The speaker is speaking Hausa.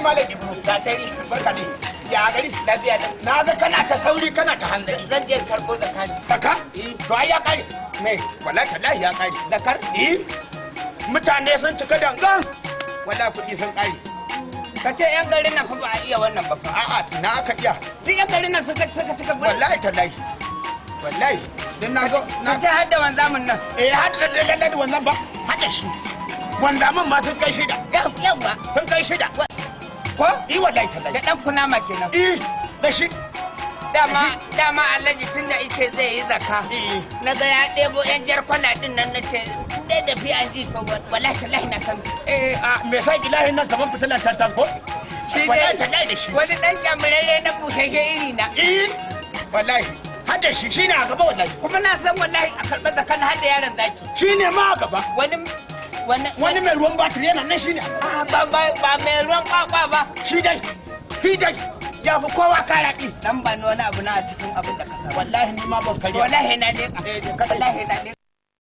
Alhaji Malam Ga tari. Barka Ya gari. Na ga kana ta sauri kana ta hanzari. Zan je karko Zaka? Eh, to ai ya kare. Me? Wallahi tallahi ya kare. Eh. Mutane sun cika dangan. Wallahi kudi sun kare. ka ce yan garin nan fa ba a iya wannan ba fa a'a na aka iya duk yan garin nan suka suka suka wallahi tallahi wallahi dan na zo na ce hadda wanzamin nan eh hadda da ba shi ma sun kai shida yawa sun kai shida ko i wallahi tallahi da dan kunama kenan eh da shi dama dama alhaji tunda ice zai yi zaka na ga ya ɗebo yan kwana din nan na ce dai da fi an ji ko wallahi tallahi na san eh a me sai ilahin nan kamar fitilan tantan ko shi dai tallahi da shi wani dan jamurere na bushege iri na eh wallahi hada shi shine a gaba wallahi kuma na san wallahi a karɓar zakan hada yaron zaki shine ma a gaba wani wani mai ruwan batiri yana nan shi ne ba mai ruwan kwakwa ba shi dai shi dai ya fi kowa kara ɗi dan ba wani abu na cikin abin da ka wallahi ni ma ban kare wallahi na leƙa eh, wallahi na leƙa